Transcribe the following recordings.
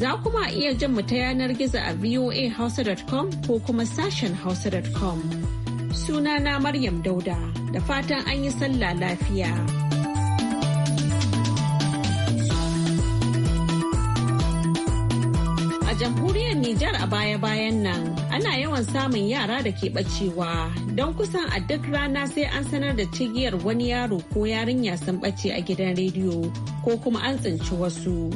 Za kuma iya jin mu ta yanar gizo a voahausa.com ko kuma sashen hausa.com. Sunana Maryam Dauda da fatan an yi sallah lafiya. A jamhuriyar Nijar a baya-bayan nan ana yawan samun yara da ke bacewa don kusan a duk rana sai an sanar da cigiyar wani yaro ko yarinya sun bace a gidan rediyo ko kuma an tsinci wasu.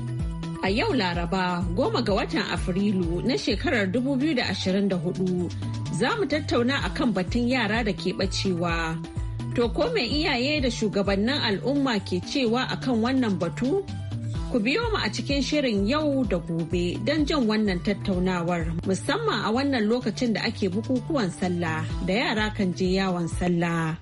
a yau Laraba goma ga watan Afrilu na shekarar 2024 za mu tattauna a kan batun yara da ke bacewa. To ko mai iyaye da shugabannin al'umma ke cewa a kan wannan batu? Ku biyo mu a cikin shirin yau da gobe don jan wannan tattaunawar musamman a wannan lokacin da ake bukukuwan sallah da yara kan je yawon sallah.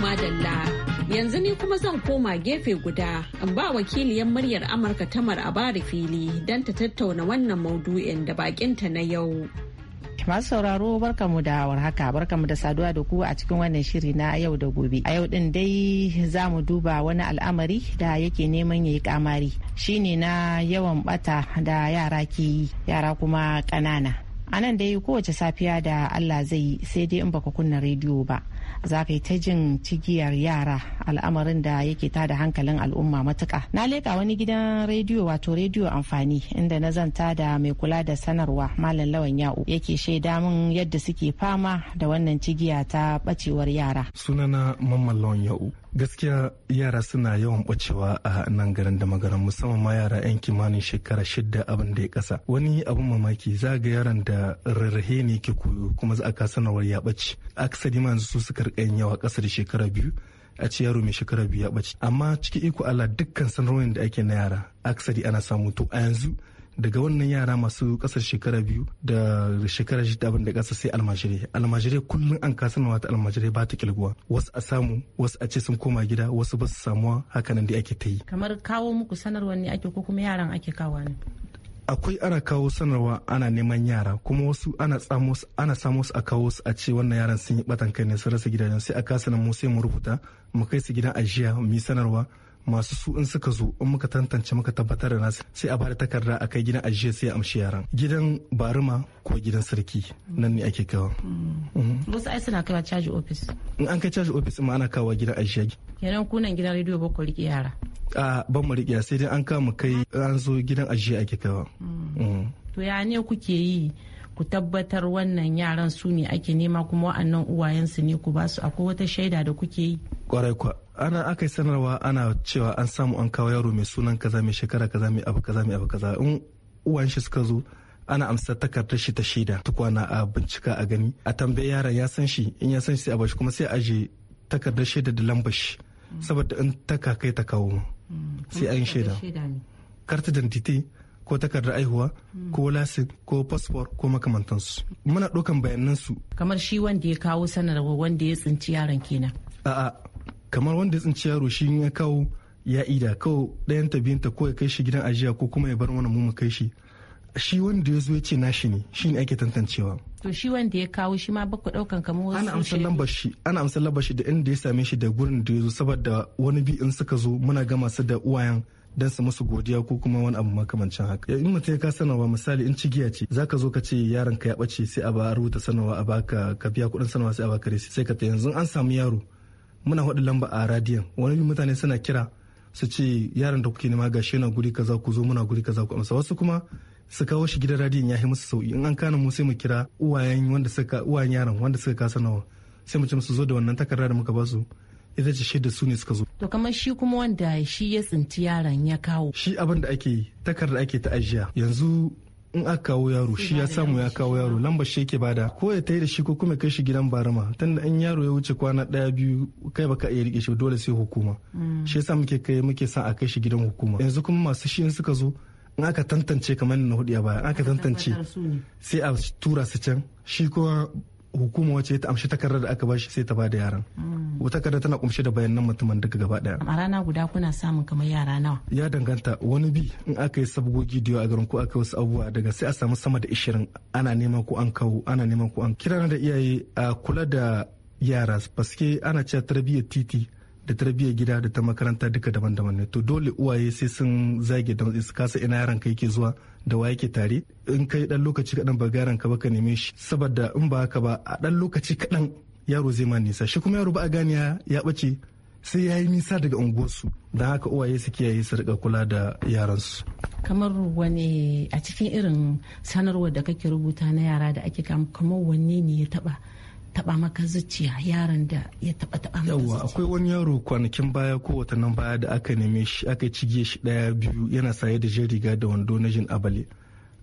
madalla Yanzu ni kuma zan koma gefe guda in ba wakiliyar muryar Amurka Tamar Abari fili don ta tattauna wannan maudu'in da bakinta na yau. masu sauraro barkamu da warhaka barkamu da saduwa da ku a cikin wannan shiri na yau da gobe a yau din dai za mu duba wani al'amari da yake neman ya yi kamari shine na yawan bata da yara ke yi yara kuma ƙanana anan dai kowace safiya da allah zai sai dai in baka kunna rediyo ba za ka yi ta jin cigiyar yara al'amarin da yake ta da hankalin al'umma matuka na leka wani gidan rediyo wato rediyo amfani inda na zanta da mai kula da sanarwa malam lawan ya'u yake shaida min yadda suke fama da wannan cigiya ta ɓacewar yara sunana mamman lawan ya'u gaskiya yara suna yawan bacewa a nan garin da magaran musamman ma yara 'yan kimanin shekara shida abin da ya kasa wani abin mamaki za ga yaran da rarrahe ne ke koyo kuma za a ka sanarwar ya bace akasari ma yanzu su suka rika yawa kasa da shekara biyu a ce yaro mai shekara biyu ya bace amma cikin iko Allah dukkan sanarwar da ake na yara akasari ana samu to a yanzu daga wannan yara masu kasar shekara biyu da shekara shida abin da kasa sai almajire almajirai kullum an kasa nawa ta almajirai ba ta kilguwa wasu a samu wasu a ce sun koma gida wasu ba su samuwa hakanan da ake ta yi kamar kawo muku sanarwar ne ake ko kuma yaran ake kawo ne akwai ana kawo sanarwa ana neman yara kuma wasu ana samu ana samu a kawo su a ce wannan yaran sun yi batan kai ne sun rasa gidajen sai a kasa nan mu sai mu rubuta mu kai su gidan ajiya mu yi sanarwa masu su in suka zo in muka tantance muka tabbatar da nasu sai a bada takarda a kai gidan ajiye sai a amshi yaran gidan baruma ko gidan sarki nan ne ake kawo hmm. mhm. wasu ai suna kaiwa caji ofis in an kai caji ofis ma ana kawo gidan ajiye yanan kunan gidan rediyo ba ku riƙe yara a ban mu riƙe sai dai an kama kai an zo gidan ajiye ake kawo hmm. hmm. to ya ne kuke yi ku tabbatar wannan yaran su ne ake nema kuma wa'annan uwayensu ne ku ba su akwai wata shaida da kuke yi kwarai kwa ana aka yi sanarwa ana cewa an samu an kawo yaro mai sunan kaza mai shekara kaza mai abu kaza mai abu kaza in uwan shi suka zo ana amsa takardar shi ta shaida tukwana a bincika a gani a tambayi yaron ya san shi in ya san shi sai a bashi kuma sai a je takardar shaida da lambar shi saboda in ta kai ta kawo sai an shaida karta dantite ko takardar aihuwa ko lasin ko fasfor ko makamantansu muna ɗaukan bayanansu kamar shi wanda ya kawo sanarwa wanda ya tsinci yaron kenan a'a kamar wanda ya tsinci yaro shi ya kawo ya ida kawo ɗayan tabiyanta ko ya kai shi gidan ajiya ko kuma ya bar wani mu mu kai shi shi wanda ya zo ya ce nashi ne shi ne ake tantancewa to shi wanda ya kawo shi ma baku daukan kamar wasu ana amsar lambar shi ana amsar lambar shi da inda ya same shi da gurin da ya zo saboda wani bi in suka zo muna gama su da uwayen don su musu godiya ko kuma wani abu makamancin haka in mutum ya ka sanarwa misali in cigiya ce zaka zo ka ce yaron ka ya bace sai a ba rubuta sanarwa a baka ka biya kuɗin sanarwa sai a baka resi sai ka ta yanzu an samu yaro muna haɗa lamba a radiyon wani mutane suna kira su ce yaran da kuke nema ga gashi na guri kaza ku zo muna guri kaza ku amsa wasu kuma su kawo shi gidan radiyon ya yi musu sauki in an kana mu sai mu kira uwayen wanda suka uwayen yaran wanda suka kasa nawa sai mu ce musu zo da wannan takarda da muka ba su ita ce da su ne suka zo to kamar shi kuma wanda shi ya tsinci yaran ya kawo shi abin da ake takarda ake ta ajiya yanzu in aka kawo yaro shi ya samu ya kawo yaro lambar shi yake bada ko ya tayi da shi ko kuma kai shi gidan barama tunda in yaro ya wuce kwana daya biyu kai baka iya rike shi dole sai hukuma mm. shi yasa muke kai muke sa a kai shi gidan hukuma yanzu kuma masu shi in suka zo in aka tantance kamar na hudu ya baya aka tantance sai a tura su can shi kuma hukuma wacce ta amshi takarda da aka bashi sai ta bada yaran mm. wata kada tana kumshe da bayanan mutumin duka gaba daya a rana guda kuna samun kamar yara nawa ya danganta wani bi in aka yi sabgogi da a garin ko aka yi wasu abubuwa daga sai a samu sama da ishirin ana neman ko an kawo ana neman ko an kirana da iyaye a kula da yara paske ana cewa tarbiyyar titi da tarbiyyar gida da ta makaranta duka daban-daban ne to dole uwaye sai sun zage da su kasa ina yaran ka yake zuwa da wa yake tare in kai dan lokaci kaɗan ba garan ka baka neme shi saboda in ba haka ba a dan lokaci kaɗan yaro zai ma nisa shi kuma yaro ba a gani ya ɓace sai ya yi nisa daga unguwarsu da haka uwaye su kiyaye su rika kula da yaransu kamar wani a cikin irin sanarwar da kake rubuta na yara da ake kamar wanne ne ya taba taba maka zuciya yaran da ya taba taba maka yawa akwai wani yaro kwanakin baya ko watannin baya da aka neme shi aka cige shi daya biyu yana saye da jan riga da wando na jin abale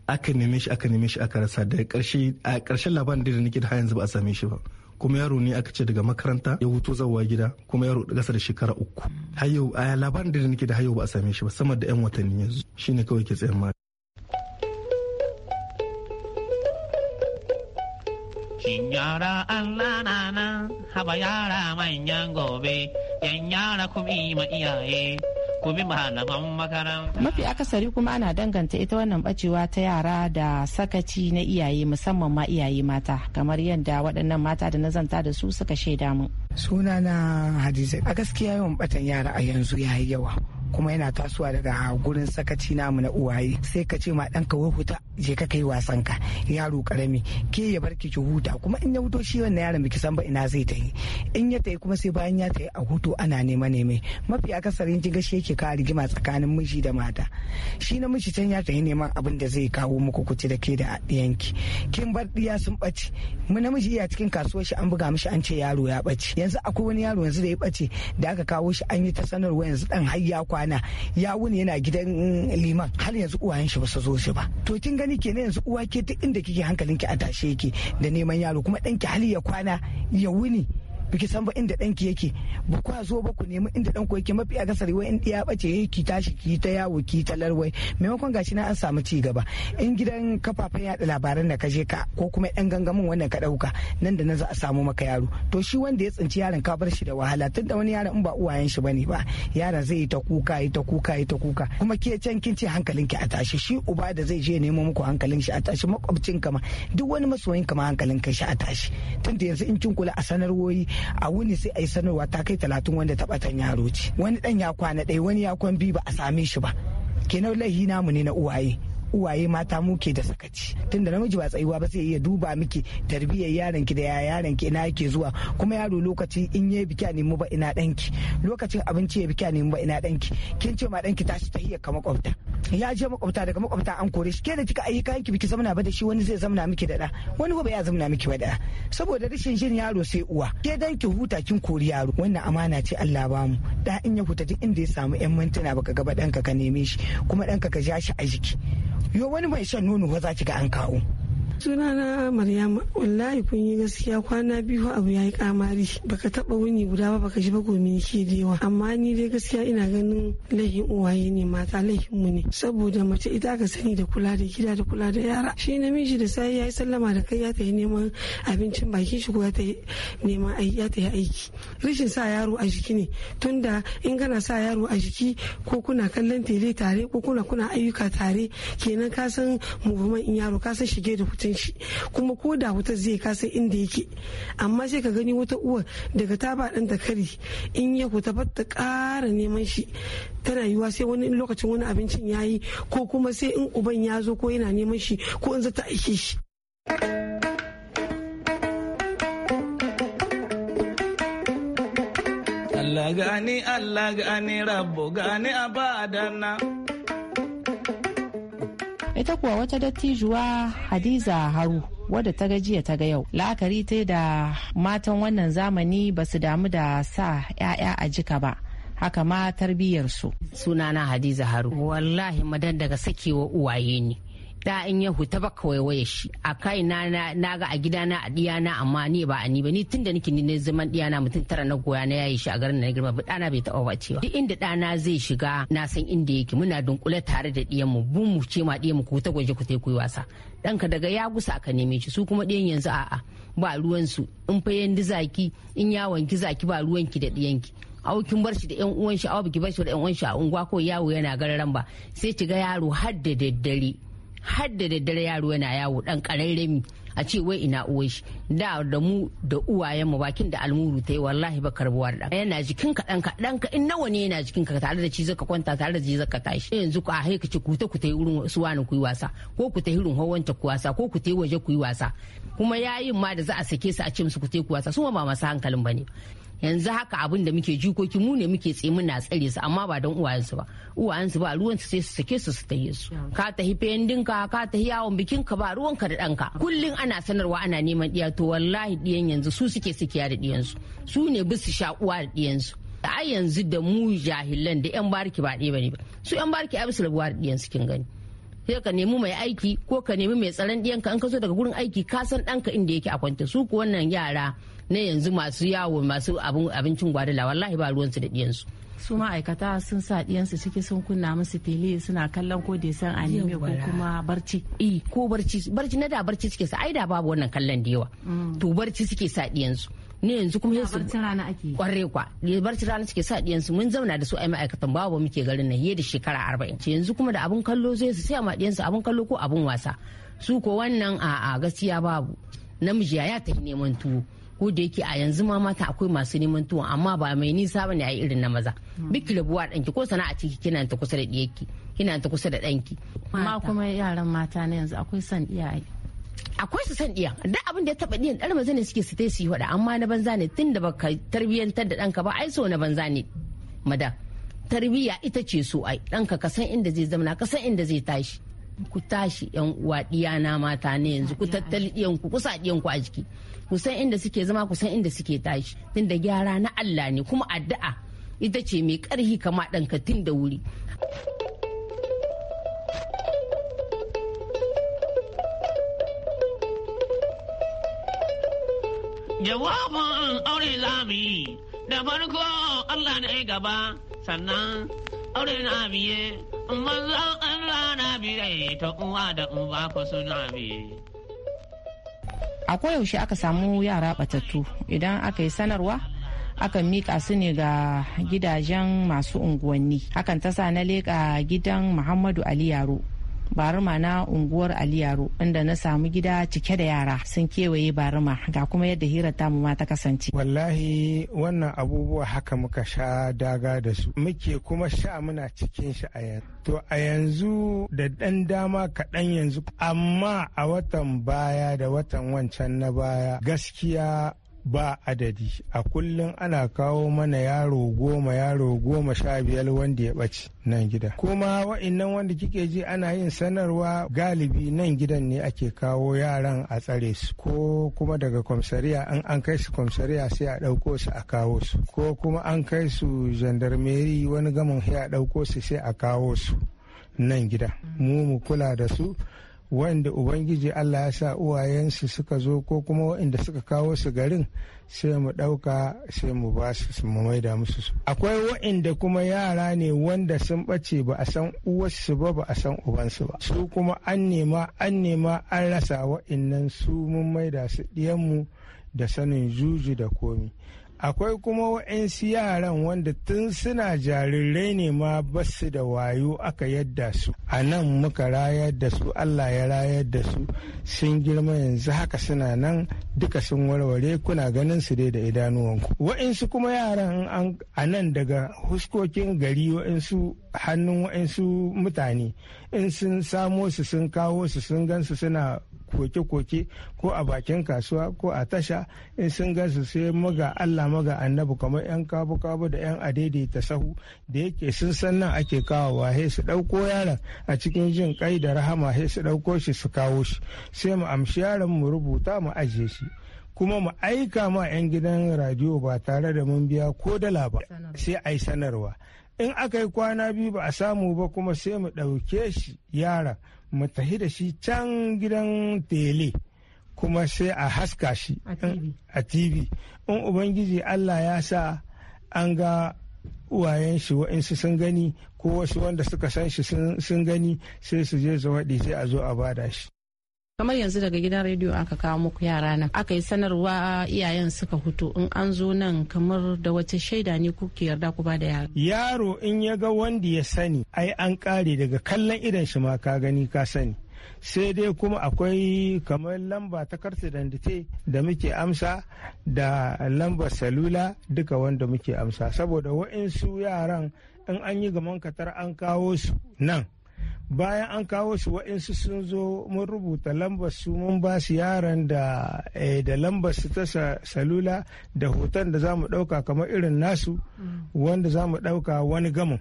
aka neme shi aka neme shi aka rasa da karshe a karshen labarin da nake da ha yanzu ba a same shi ba kuma yaro ne aka ce daga makaranta ya huto zawa gida kuma yaro kasa da shekara uku har yau a labarin da nake da har ba a same shi ba sama da yan watanni yanzu shine kawai ke tsayin ma Shin yara Allah na nan haba yara manyan gobe yan yara kuma ma iyaye makaranta. mafi akasari kuma ana danganta ita wannan bacewa ta yara da sakaci na iyaye musamman ma iyaye mata kamar yadda waɗannan mata da na zanta da su suka shaida mu sunana hadiza a gaskiya yawan batan yara a yanzu ya yi yawa kuma yana tasowa daga gurin sakaci namu na uwaye sai ka ce ma ka wai huta je ka kai wasan ka yaro karami ke ya bar ki huta kuma in ya huto shi wannan yaron biki san ba ina zai ta yi in ya ta yi kuma sai bayan ya ta yi a huto ana nema neme mafi akasarin kin shi yake kawo rigima tsakanin miji da mata shi na miji can ya ta yi neman abin da zai kawo muku kuce da ke da ɗiyanki kin bar ɗiya sun ɓaci mu namiji iya cikin kasuwar shi an buga mishi an ce yaro ya ɓaci yanzu akwai wani yaro yanzu da ya ɓace da aka kawo shi an yi ta sanarwa yanzu ɗan har kwana ya wuni yana gidan liman har yanzu uwayen shi ba su zo shi ba to kin gani kenan yanzu uwa ke duk inda kike hankalinki a tashe yake da neman yaro kuma ɗanki hali ya kwana ya wuni biki san ba inda danki yake ba kwa zo ba ku nemi inda danku yake mafi a kasar wai in ya bace eh, ki tashi ki ta yawo ki ta larwai maimakon gashi na an samu ci gaba in gidan kafafen yada labaran da ka je ka ko kuma yan gangamin wannan ka dauka nan da nan za a samu maka yaro to shi wanda ya tsinci yaron ka bar shi da wahala tun tunda wani yaron in ba uwayen shi bane ba yaron zai yi ta kuka yi ta kuka yi ta kuka kuma ke can kin ce hankalinki a tashi shi uba da zai je nemo muku hankalin shi a tashi makwabcin ma duk wani masoyin ma hankalin kai shi a tashi tunda yanzu in kin kula a sanarwoyi a wuni sai a yi sanarwa ta kai talatin wanda ta ɓatan yaro ce wani ɗan ya kwana ɗaya wani ya kwan biyu ba a same shi ba kenan lahi namu ne na uwaye uwaye mata muke da sakaci tunda namiji ba tsayuwa ba sai iya duba miki tarbiyyar yaron ki da ya yaron ki ina yake zuwa kuma yaro lokaci in yayi biki a nemi ba ina danki lokacin abinci ya biki a nemi ba ina danki kin ce ma danki tashi ta hiyar ka makwabta ya je makwabta daga makwabta an kore shi ke da kika ayyuka yanki biki zamana ba da shi wani zai zamana miki da da wani ba ya zamana miki ba da saboda rashin jin yaro sai uwa ke dan ki huta kin kori yaro wannan amana ce Allah ba mu da in ya huta duk inda ya samu yan mintuna baka gaba danka ka neme shi kuma danka ka ja shi a jiki yo wani mai shan nono ba za ki ga an kawo sunana maryama wallahi kun yi gaskiya kwana biyu abu ya yi kamari baka taba wuni guda ba baka ji ba gomi ke da yawa amma ni dai gaskiya ina ganin laifin uwaye ne mata laifin mu ne saboda mace ita aka sani da kula da gida da kula da yara shi namiji da sai ya yi sallama da kai ya ta yi neman abincin bakin shi ko ya ta yi aiki rashin sa yaro a jiki ne tunda in kana sa yaro a jiki ko kuna kallon tele tare ko kuna kuna ayyuka tare kenan ka san in yaro ka san shige da fita san shi kuma ko da wuta zai kasa inda yake amma sai ka gani wata uwa daga taba ba ɗanta kari in ya ku bar ta ƙara neman shi tana yiwuwa sai wani lokacin wani abincin ya yi ko kuma sai in uban ya zo ko yana neman shi ko in zata aike shi. Allah gani Allah gani rabbo gani abadana. ita kuwa wata dattijuwa hadiza haru wadda ta jiya ta ga yau la'akari ta da matan wannan zamani ba su damu da sa 'ya'ya a jika ba haka ma tarbiyyarsu sunana hadiza haru wallahi madan daga sakewa uwaye ne da in ya huta ba kawai waya shi a kai na na ga a gidana a diyana amma ni ba a ni ba ni tunda nake ne zaman diyana mutum tara na goya na yayi shi a garin na girma ba dana bai taɓa bacewa duk inda dana zai shiga na san inda yake muna dunkule tare da diyan mu bu mu ce ma diyan mu ku ta gwaje ku tai ku wasa danka daga ya gusa ka neme shi su kuma diyan yanzu a'a ba ruwan su in fa yanzu zaki in ya wanki zaki ba ruwanki da diyanki awo kin bar shi da yan uwan shi awo biki bar da yan uwan shi a unguwa ko yawo yana gararan ba sai ki ga yaro har da daddare har da daddare yaro yana yawo dan kararremi a ce wai ina uwai shi da da mu da uwayen mu bakin da almuru ta yi wallahi ba karbuwar da yana jikin ka dan ka in nawa ne yana jikin ka tare da ci zaka kwanta tare da ji zaka tashi eh, yanzu ku a hai ka ci ku ta ku ta irin su wani ku yi wasa ko ku ta irin hawanta ku wasa ko ku ta waje ku yi wasa kuma yayin ma da za a sake su a ce musu ku ta ku wasa su ma ba masu hankalin bane yanzu haka abin da muke jikoki mu ne muke tse muna tsare su amma ba don uwayensu ba uwayensu ba ruwan su sai su sake su su taye su ka tafi fayandin ka ka tafi yawon bikin ka ba ruwan ka da danka kullun ana sanarwa ana neman diya to wallahi diyan yanzu su suke sukiya da diyan su ne su sha uwa da da a yanzu da mu jahilan da yan barki ba ɗaya bane ba su yan barki ai su rabuwa da su kin gani sai ka nemi mai aiki ko ka nemi mai tsaron ɗiyanka in ka so daga gurin aiki ka san danka inda yake a kwanta su ko wannan yara na yanzu masu yawo masu abincin la wallahi ba ruwansu da ɗiyansu su ma'aikata sun sa ɗiyansu ciki sun kunna musu fili suna kallon ko da san anime ko kuma barci i ko barci barci na da barci suke sa ai da babu wannan kallon da yawa mm. to barci suke sa ɗiyansu ne yanzu kuma su barci rana ake kware kwa barci rana suke sa diyansu mun zauna da su ai ma'aikatan babu ba muke garin nan da shekara arba'in yanzu kuma da abun kallo zai su sai ma diyansu abun kallo ko abun wasa su ko wannan a'a gaskiya babu namiji ya ta neman tuwo ko da yake a yanzu ma mata akwai masu neman tuwon amma ba mai nisa bane a irin na maza hmm. biki rabuwa danki ko sana'a ciki kina ta kusa da diyarki kina ta kusa da danki amma kuma yaran mata na yanzu akwai san iyaye akwai su san iya duk abin da ya taba ɗiyan dar maza ne suke su tai su yi amma na banza ne tun da baka tarbiyantar da danka ba ai so na banza ne madam tarbiya ita ce so ai danka ka san inda zai zamana ka san inda zai tashi ku tashi yan uwa diyana mata ne yanzu ku tattali diyanku ku sa diyanku a jiki ku san inda suke zama ku san inda suke tashi tunda gyara na Allah ne kuma addu'a ita ce mai karhi kama ɗanka tun da wuri. Jawabin aure lami da farko Allah ne gaba sannan aure na biye Allah na biye ta uwa da uba ku suna biye a koyaushe aka samu yara batattu idan aka yi sanarwa akan miƙa su ne ga gidajen masu unguwanni hakan ta sa na leƙa gidan muhammadu ali yaro baruma na unguwar aliyaro inda na samu gida cike da yara sun kewaye baruma ga kuma yadda hirar tamu ma ta kasance wallahi wannan abubuwa haka muka sha daga da su muke kuma sha muna cikin shi a yanzu to a yanzu da ɗan dama kaɗan yanzu amma a watan baya da watan wancan na baya gaskiya ba adadi a kullum ana kawo mana yaro goma yaro goma sha biyar wanda ya ɓace nan gida kuma wa'annan wanda kike ji ana yin sanarwa galibi nan gidan ne ake kawo yaran a tsare su ko kuma daga kwamsariya an an kai su kwamsariya sai a ɗauko su a kawo su ko kuma an kai su jandarmeri wani gamin sai a ɗauko su sai a kawo su nan gida mu mu kula da su wanda ubangiji allah ya sa uwayensu suka zo ko kuma waɗanda suka kawo su garin sai mu ɗauka sai mu ba su mu maida musu su akwai waɗanda kuma yara ne wanda sun bace ba a san uwarsu ba ba a san ubansu ba su kuma an nema an nema an rasa waɗannan su mun maida su ɗiyanmu da sanin juji da komi akwai kuma wa'ansu yaran wanda tun suna jarirai ne ma basu da wayo aka yadda su a nan muka rayar da su allah ya rayar da su sun girma yanzu haka suna nan duka sun warware kuna ganin su dai da idanuwanku wa'ansu kuma yaran a nan daga huskokin gari wa'ansu hannun wa'ansu mutane in sun samo su sun kawo su sun gan su suna koke-koke ko a bakin kasuwa ko a tasha in sun gasu sai maga allah maga annabi kamar 'yan kabu-kabu da 'yan ta sahu da yake sun san nan ake kawowa he su ɗauko yaron a cikin jin kai da rahama he su ɗauko shi su kawo shi sai mu amshi yaron mu rubuta mu ajiye shi kuma mu aika ma 'yan gidan radiyo ba tare da mun biya ko dala ba sai a yi sanarwa in aka yi kwana biyu ba a samu ba kuma sai mu ɗauke shi yaron mu tafi da shi can gidan tele kuma sai a haska shi a tv eh, in ubangiji allah ya sa an ga uwayen shi wa'insu sun gani ko wasu wanda suka san shi sun gani sai su je su sai a zo a bada shi kamar yanzu daga gidan rediyo aka kawo muku yara nan aka yi sanarwa iyayen suka hutu in an zo nan kamar da wace shaida ne kuke yarda ku ba da yara yaro in ya ga wanda ya sani ai an kare daga kallon idan shi ma ka gani ka sani sai dai kuma akwai kamar lamba ta karti dandate da muke amsa da lambar salula duka wanda muke amsa saboda wa'insu yaran in an yi gaman katar an kawo su nan bayan an kawo shi waɗansu sun zo mun rubuta lambar su mun ba su yaran da eh, da lambar su ta salula da hoton da za mu ɗauka kamar irin nasu wanda za mu ɗauka wani gamin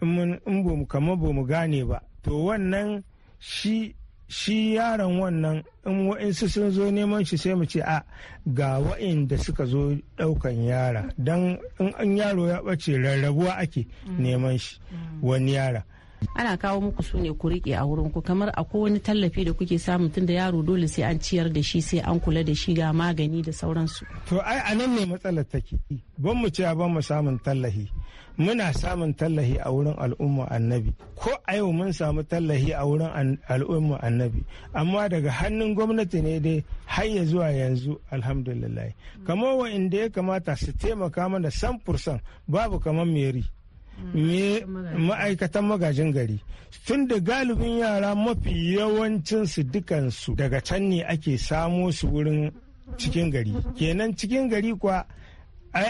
in ba mu kamar ba gane ba to wannan shi shi yaron wannan in wa'insu sun zo neman shi sai mu ce a ga wa'inda suka zo daukan yara don in yaro ya ɓace rarrabuwa ake neman shi mm. wani yara ana kawo muku su ne ku riƙe a wurin ku kamar a wani tallafi da kuke samu tun da yaro dole sai an ciyar da shi sai an kula da shi ga magani da sauransu to ai a nan ne matsalar take ban mu ce ban mu samun tallahi muna samun tallahi a wurin al'umma annabi ko a yau mun samu tallahi a wurin al'umma annabi amma daga hannun gwamnati ne dai har ya zuwa yanzu alhamdulillah kamar wa'inda ya kamata su taimaka mana san babu kamar meri ne ma'aikatan magajin gari tun da galibin yara mafi yawancinsu dukansu daga can ne ake samo su wurin cikin gari kenan cikin gari kuwa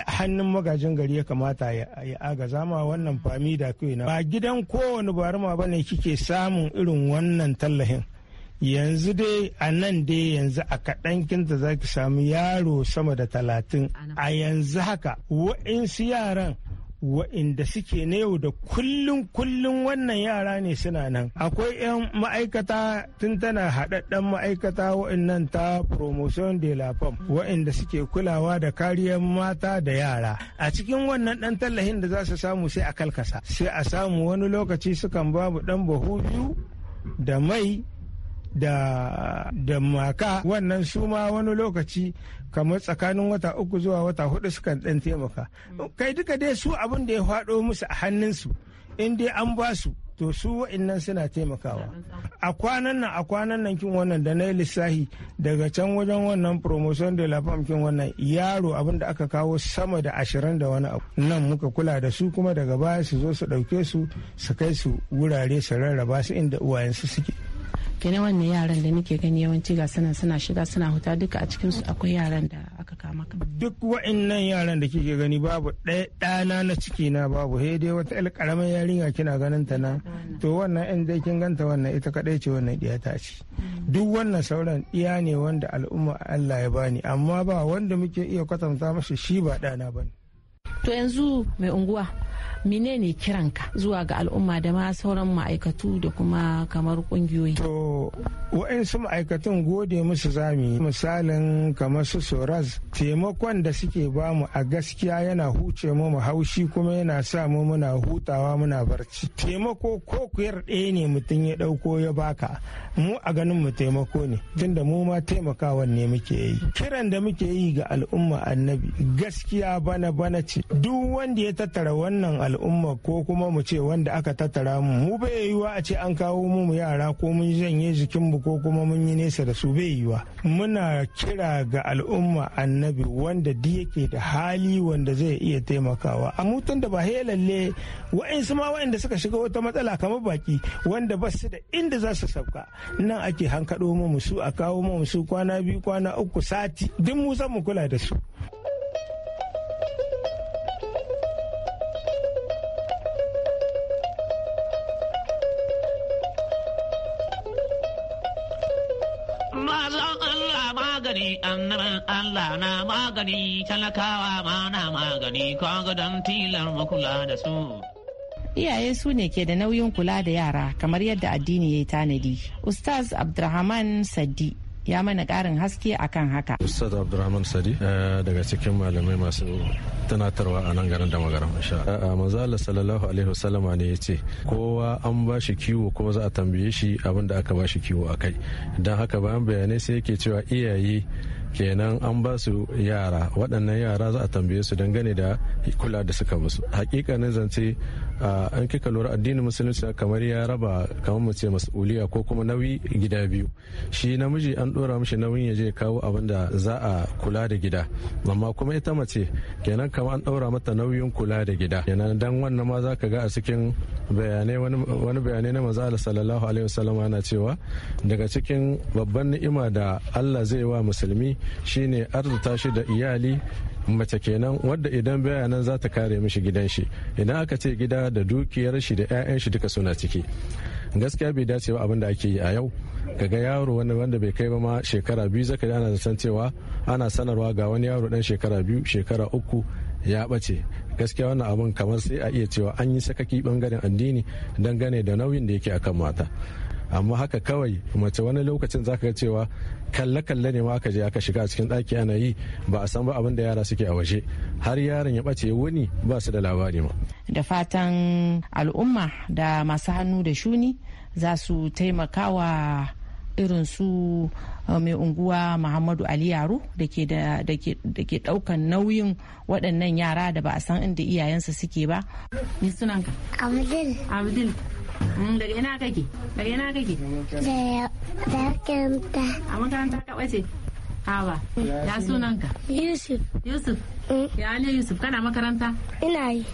hannun magajin gari ya kamata ya agaza ma wannan fami da kai na ba gidan kowane baruma bane kike samun irin wannan tallahin yanzu dai a nan dai yanzu a kaɗan kinta za ki samu yaro sama da talatin a yanzu haka wa'insu yaran wa'inda suke na yau da kullum kullum wannan yara ne suna nan akwai 'yan ma'aikata tun tana haɗaɗɗen ma'aikata wa'innan ta promotion de la femme wa'inda suke kulawa da kariyar mata da yara a cikin wannan ɗan tallahin da za su samu sai a kalkasa sai a samu wani lokaci sukan babu ɗan buhu biyu da mai da da maka wannan su ma wani lokaci kamar tsakanin wata uku zuwa wata hudu sukan dan taimaka kai duka dai su abin da ya faɗo musu a hannunsu in dai an ba su to su nan suna taimakawa a kwanan nan a kwanan nan kin wannan da na yi lissahi daga can wajen wannan promotion de la femme kin wannan yaro abin da aka kawo sama da ashirin da wani abu nan muka kula da su kuma daga baya su zo su ɗauke su su kai su wurare su rarraba su inda uwayensu suke kenan wannan yaran da nake gani yawanci ga sanan suna shiga suna huta duka a cikin su akwai yaran da aka kama duk wa'annan yaran da kike gani babu ɗaya ɗana na ciki na babu he dai wata ɗan ƙaramin yarinya kina ganin ta na to wannan in dai kin ganta wannan ita kadai ce wannan diya ta ce duk wannan sauran ɗiya ne wanda al'umma Allah ya bani amma ba wanda muke iya kwatanta masa shi ba ɗana bane to yanzu mai unguwa menene kiranka zuwa ga al'umma da ma sauran ma'aikatu da kuma kamar kungiyoyi to wa'ansu ma'aikatan gode musu zami misalin kamar su soras taimakon da suke bamu a gaskiya yana huce mu haushi kuma yana sa mu muna hutawa muna barci taimako ko kuyar ɗaya ne mutum ya ɗauko ya baka mu a ganin mu taimako ne tunda mu ma taimakawan ne muke yi kiran da muke yi ga al'umma annabi gaskiya bana bana ce duk wanda ya tattara wannan kan al'umma ko kuma mu ce wanda aka tattara mu mu bai wa a ce an kawo mu yara ko mun janye jikin mu ko kuma mun yi nesa da su bai wa muna kira ga al'umma annabi wanda di yake da hali wanda zai iya taimakawa a mutun da ba lalle wa'insu ma wa'inda suka shiga wata matsala kamar baki wanda ba su da inda za su sauka nan ake hankado mu su a kawo mu su kwana biyu kwana uku sati duk mu san mu kula da su magani annaban Allah na magani talakawa ma na magani kaga don tilar makula da su. Iyaye su ne ke da nauyin kula da yara kamar yadda addini ya yi tanadi. Ustaz Abdulrahman Saddi ya mana ƙarin haske akan haka. Ustaz Abdulrahman Sadi eh, daga cikin malamai masu tunatarwa a nan garin da magaram insha eh, eh, Manzo Allah sallallahu alaihi wasallam ne ya ce kowa an ba shi kiwo kuma za a tambaye shi abin da aka ba shi kiwo a kai don haka bayan bayanai sai yake cewa iyaye kenan an ba su yara waɗannan yara za a tambaye su dangane da kula da suka musu hakikanin zance an kika lura addinin musulunci kamar ya raba kamar mace mas'uliya ko kuma nauyi gida biyu shi namiji an ɗora mishi nauyin ya je kawo abin da za a kula da gida amma kuma ita mace kenan kamar an ɗora mata nauyin kula da gida kenan dan wannan ma za ka ga a cikin bayanai wani bayanai na maza sallallahu alaihi wasallam yana cewa daga cikin babban ni'ima da Allah zai wa musulmi shine arzuta shi da iyali mace kenan wadda idan bayanan nan za ta kare mishi gidan shi idan aka ce gida da dukiyar shi da 'ya'yan shi duka suna ciki gaskiya bai dace ba abin da ake yi a yau kaga yaro wanda wanda bai kai ba ma shekara biyu zaka ji ana san cewa ana sanarwa ga wani yaro dan shekara biyu shekara uku ya bace gaskiya wannan abin kamar sai a iya cewa an yi sakaki bangaren addini dangane da nauyin da yake akan mata amma haka kawai mace wani lokacin zaka ga cewa kalle-kalle ne ma aka je aka shiga cikin ɗaki ana yi ba a san ba abin da yara suke a waje har yaron ya ɓace wuni ba su da labari ma. Da fatan al'umma da masu hannu da shuni za su taimaka wa irin su eh, mai unguwa Muhammadu Ali Yaro da ke ɗaukan nauyin waɗannan yara da ba a san inda iyayensa suke ba. Abdul. Abdul. Mm, daga yana kake daga yana kake da makaranta a makaranta ka bace Haba, ya sunanka? Yusuf. Yusuf? Mm. Ya ne Yusuf, kana makaranta? Ina yi.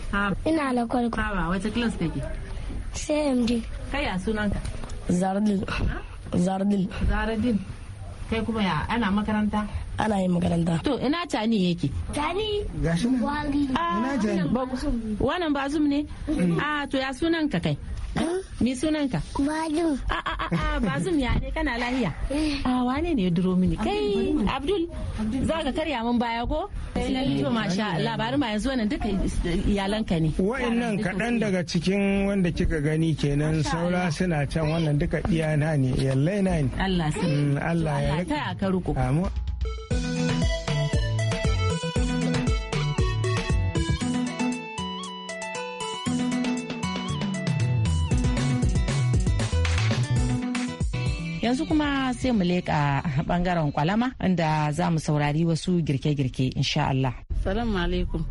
Ina da kwalko. Haba, wata kilas kake? CMD. Kai ya sunan ka. Zardil. Zardil. Zardil. Kai kuma ya ana makaranta? Ana yin makaranta. To, ina tani yake? Tani? Gashi Ina tani. Ah, wannan bazum ne? Mm. A, ah, to ya sunan ka kai? Me sunanka? Bazu. A ah, a ah, a ah, Bazum ya ne kana lahiya? Eh. A wane ne ya duro mini? Kai Abdul za ka karya min baya ko? Eh, labarin masha Allah bari ma yanzu wannan duka iyalanka ne. Wa'annan kaɗan daga cikin wanda kika gani kenan saura suna can wannan duka iyana ne yallai na ne. Allah sun. Mm, Allah ya rika. Ta ka ruko. yanzu kuma sai mu leka bangaren kwalama inda za mu saurari wasu girke-girke insha Allah. Salamu alaikum.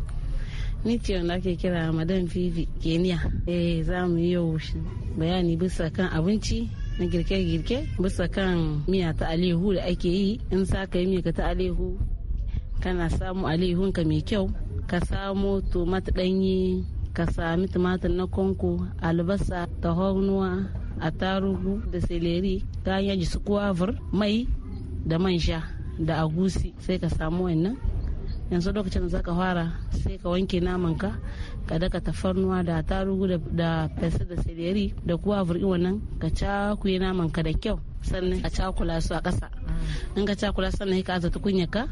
Ni ce wanda ake kira Madam Vivi Kenya. Eh za mu yi yau bayani bisa kan abinci na girke-girke bisa kan miya ta alihu da ake yi in sa ka yi ta alihu kana samu ka mai kyau ka samu tomat ɗanyi ka sami tumatir na konko albasa ta hornuwa attarugu da seleri kayan yaji su kuwavur mai da manja da agusi sai ka samu wannan yanzu lokacin da zaka fara sai ka wanke naman ka ka daka tafarnuwa da tarugu da fesa da seleri da kuwa in wannan ka cakuye naman ka da kyau sannan ka cakula su a kasa mm. in ka cakula sannan ka aza tukunya ka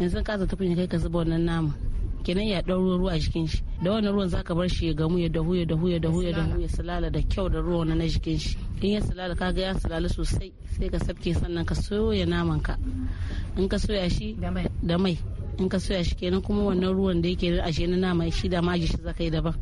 yanzu ka aza kai ka zuba wannan naman kenan ya ɗau ruwa a jikin shi da wannan ruwan zaka bar shi ya gamu ya dahu ya dahu ya dahu ya dahu ya salala da kyau da ruwan na jikin shi in ya salala kaga ya salala sosai sai ka sabke sannan ka soya naman ka in ka soya shi da mai in ka soya shi kenan kuma wannan ruwan da yake ashe na nama shi da maji shi zaka yi daban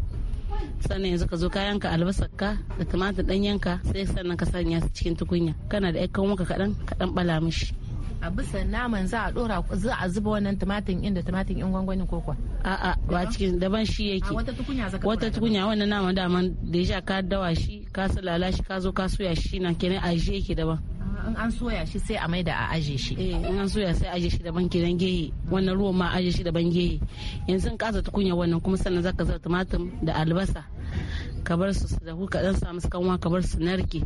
sannan yanzu ka zo ka yanka albasar ka da tumatir ɗanyen yanka sai sannan ka sanya su cikin tukunya kana da ƴan kanwa kaɗan kaɗan bala mishi a bisa naman za a dora za a zuba wannan tumatin inda tumatin in ko kwa a a ba cikin daban shi yake wata tukunya zaka wata tukunya wannan naman daman da ya ka dawa shi ka salala shi ka zo ka soya shi na kenan a je yake daban ah, in an soya shi sai a da a aje shi eh, in an soya sai aje shi daban kenan gehe wannan ruwan ma aje shi daban gehe yanzu in kasa tukunya wannan kuma sannan zaka zara tumatir da albasa ka bar su su dahu ka dan samu kanwa ka bar su narke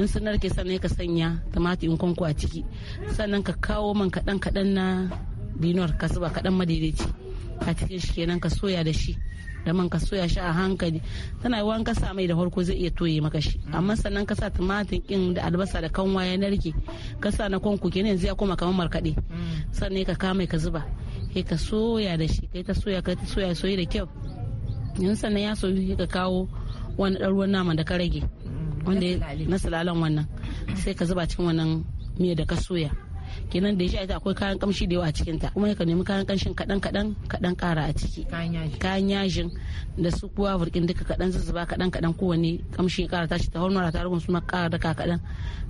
in sanar ke sannan ka sanya tumatir in kwankwa a ciki sannan ka kawo man kaɗan kaɗan na binuwar ka zuba kaɗan madaidaici a cikin shi kenan ka soya da shi da man ka soya shi a hankali tana yi wanka sa mai da farko zai iya toye maka shi amma sannan ka sa tumatir kin da albasa da kanwa ya narke ka sa na kwanku kenan zai ya koma kamar markaɗe mm. sannan ka kama ka zuba kai ka soya da shi kai ta soya kai ta soya soyi da kyau yanzu sannan ya soyu ka kawo wani ɗan ruwan naman da ka rage wanda ya nasa lalon wannan sai ka zuba cikin wannan miya da ka soya kenan da ya shi akwai kayan kamshi da yawa a cikin ta kuma ka nemi kayan kamshin kadan kadan kadan kara a ciki kayan yajin da su kuwa burkin duka kadan zuzzuba kadan kadan kowanne kamshi ya kara tashi ta hormona ta rubun suna kara daka kadan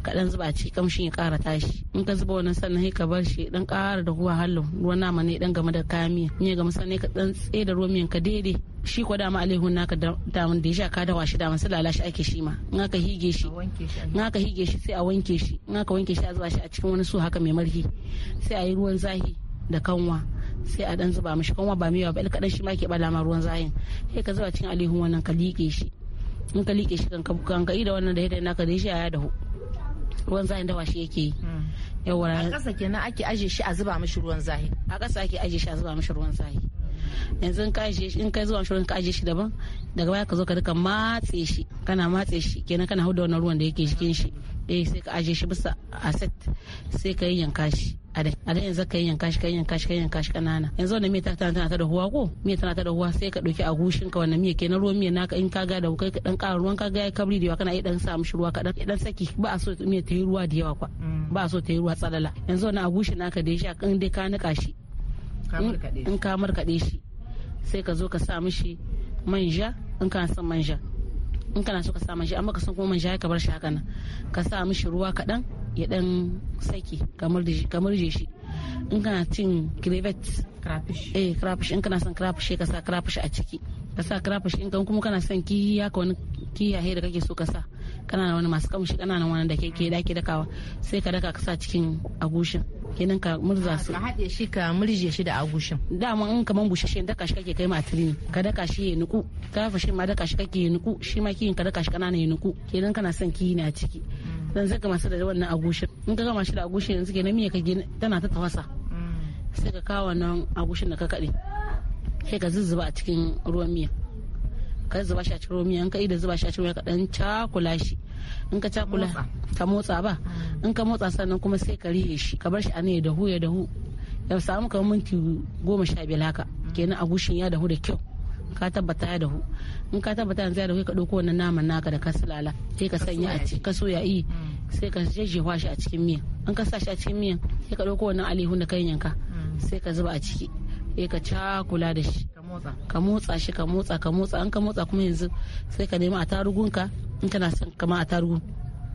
kadan zuba a ciki kamshin ya kara tashi in ka zuba wannan sannan sai ka bar shi dan kara da ruwa hallo ruwan nama ne dan game da kayan miya in ya gama sannan ka dan tsaye da ruwan miyan ka daidai shi ko dama alaihu naka damun da ya sha ka da shi damun su lalashi ake shi ma in aka hige shi in aka hige shi sai a wanke shi in aka wanke shi a zuba shi a cikin wani su haka mai mari zahi sai a yi ruwan zahi da kanwa sai a dan zuba mishi kanwa ba miyawa ba dan shi ma ke bala ma ruwan zahin sai ka zuba cikin alihun wannan ka liƙe shi in ka liƙe shi kan kan ka da wannan da yadda naka da shi a ya dahu ruwan zahin da washe yake yi hmm. yawa a ƙasa kenan ake aje shi a zuba mishi ruwan zahi a ƙasa ake aje shi a zuba mishi ruwan zahi yanzu in ka zuwa shi ka aje shi daban daga baya ka zo ka duka matse shi kana matse shi kenan kana da wannan ruwan da yake jikin shi eh sai ka aje shi bisa asset sai ka yanka shi a dai a yanzu ka yanka shi ka yanka shi ka yanka shi kanana yanzu wannan miya ta tana ta da huwa ko miya tana ta da huwa sai ka dauki agushin ka wannan miya kenan ruwan miya naka in ka ga da kai ka dan ƙara ruwan ka ga kabri da yawa kana iya dan sa mishi ruwa ka dan saki ba a so miya ta yi ruwa da yawa kwa mm. ba a so ta yi ruwa tsalala yanzu wannan agushin naka da ya sha kan dai ka nika shi in ka markaɗe shi sai ka zo ka sa mishi manja in ka san manja in kana so ka sa mashi amma ka san kuma manja ka bar shi haka nan ka sa mishi ruwa kaɗan ya ɗan saki ka murje shi in kana cin crevet eh crafish in kana son crafish ka sa crafish a ciki ka sa fashi in kan kuma kana son ya ka wani ya da kake so ka sa kana wani masu kamshi kananan wani da ke da ke dakawa sai ka daka ka sa cikin agushin kenan ka murza su ka haɗe shi ka murje shi da agushin dama in kaman bushashe daka shi kake kai matiri ka daka shi ya nuku crayfish ma daka shi kake ya nuku shi ma kiyin ka daka shi na ya nuku kenan kana son ki na ciki dan mm. zaka masu da wannan agushin in ka gama shi da agushin yanzu kenan miya ka tana ta tafasa mm. sai ka kawo nan agushin da ka kaɗe sai ka zuzzuba a cikin ruwan miya ka zuba shi a cikin ruwan miya in ka ida zuba shi a cikin ruwan ka dan cakula shi in ka cakula ka motsa ba mm. in ka motsa sannan kuma sai ka rihe shi ka bar shi a ne da hu ya dahu ya samu kamar minti goma sha biyar haka mm. kenan a gushin ya dahu da kyau ka tabbata ya dahu in ka tabbata yanzu ya dahu ka dauko wannan naman naka da ka sulala sai ka sanya a ciki ka soya yi mm. sai ka jejjewa shi a cikin miya in ka sa shi a cikin miya sai ka dauko wannan alihun da ka yanka sai ka zuba a ciki sai eh, ka cakula da shi ka motsa shi ka motsa ka motsa an ka motsa kuma yanzu sai ka nemi a tarugunka in kana son kama a tarugun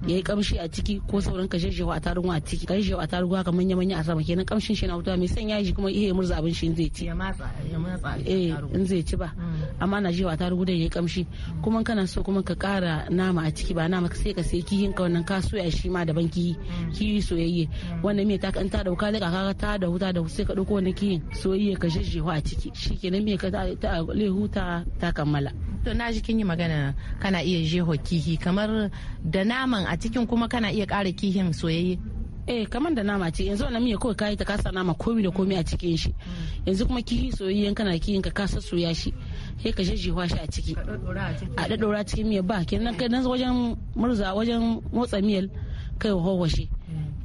ya yi kamshi a ciki ko sauran ka jajjawa a tarin a ciki ka jajjawa a tarin haka manya manya a sama kenan kamshin shi na wuta mai sanya shi kuma iya murza abin shi zai ci ya matsa ya matsa eh in zai ci ba mm. amma na jajjawa a tarin da yayi kamshi kuma kana so kuma ka kara nama a ciki ba nama sai ka sai kihin ka wannan ka soya shi ma daban kihi mm. kihi soyayye mm. wannan me ta kan ta dauka lika ka ta da wuta da sai ka dauko wannan kihin soyayye ka jajjawa a ciki shikenan me ka ta lehuta ta kammala to na ji kin yi magana kana iya jeho kihi kamar da naman a cikin kuma kana iya ƙara kihin soyayye eh kamar da nama ce yanzu wannan miya kawai kayi ta kasa nama komi da komi a cikin shi yanzu kuma kihi soyayyen kana kihin ka kasa soya shi sai ka jejjewa shi a ciki a daddora cikin miya ba kenan kai nan wajen murza wajen motsa miyal kai wahawashe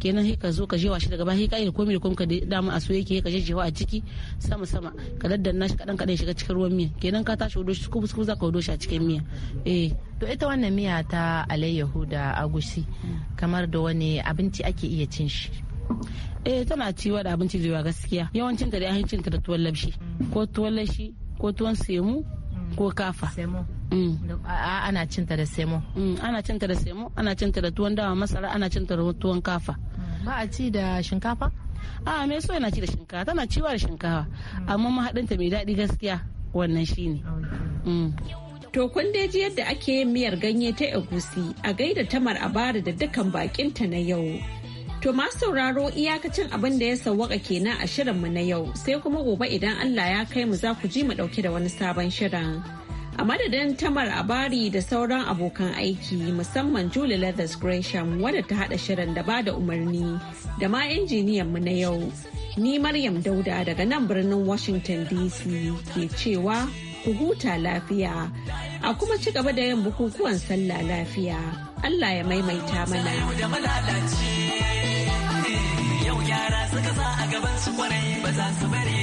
kenan sai ka zo ka jewa shi daga baya sai ka iya komai da komai ka dama a so ke ka jejjewa a ciki sama sama ka daddanna shi kadan kadan shiga cikin ruwan miya kenan ka tashi odo shi kubus su za ka odo shi a cikin miya eh to ita wannan miya ta alayyahu da agushi kamar da wani abinci ake iya cin shi eh tana ciwa da abinci da gaskiya yawancin ta da ahincin ta da tuwon labshi ko tuwon lashi ko tuwon semu ko kafa semo mm. ana cinta da semo mm, ana cinta da semo ana cinta da tuwon dawa masara ana cinta da tuwon kafa mm, ba a ci da shinkafa a me so yana ci da shinkafa tana ciwa da shinkafa amma mahaɗinta mai daɗi gaskiya wannan shi ne. To kun dai ji yadda ake yin miyar ganye ta egusi a gaida tamar abari da dukkan bakinta na yau. To ma sauraro iyakacin abin da ya sauwaka kenan a shirin mu na yau sai kuma gobe idan Allah ya kai mu za ku ji mu ɗauki da wani sabon shirin. A madadin tamar abari da sauran abokan aiki musamman Julie Leathers Gresham wadda ta haɗa shirin da ba da umarni da ma injiniyan mu na yau. Ni Maryam Dauda daga nan birnin Washington DC ke cewa ku huta lafiya a kuma ci gaba da yin bukukuwan sallah lafiya. Allah ya maimaita mana. Yau gyara eh, suka sa a gaban su kwarai ba za su bari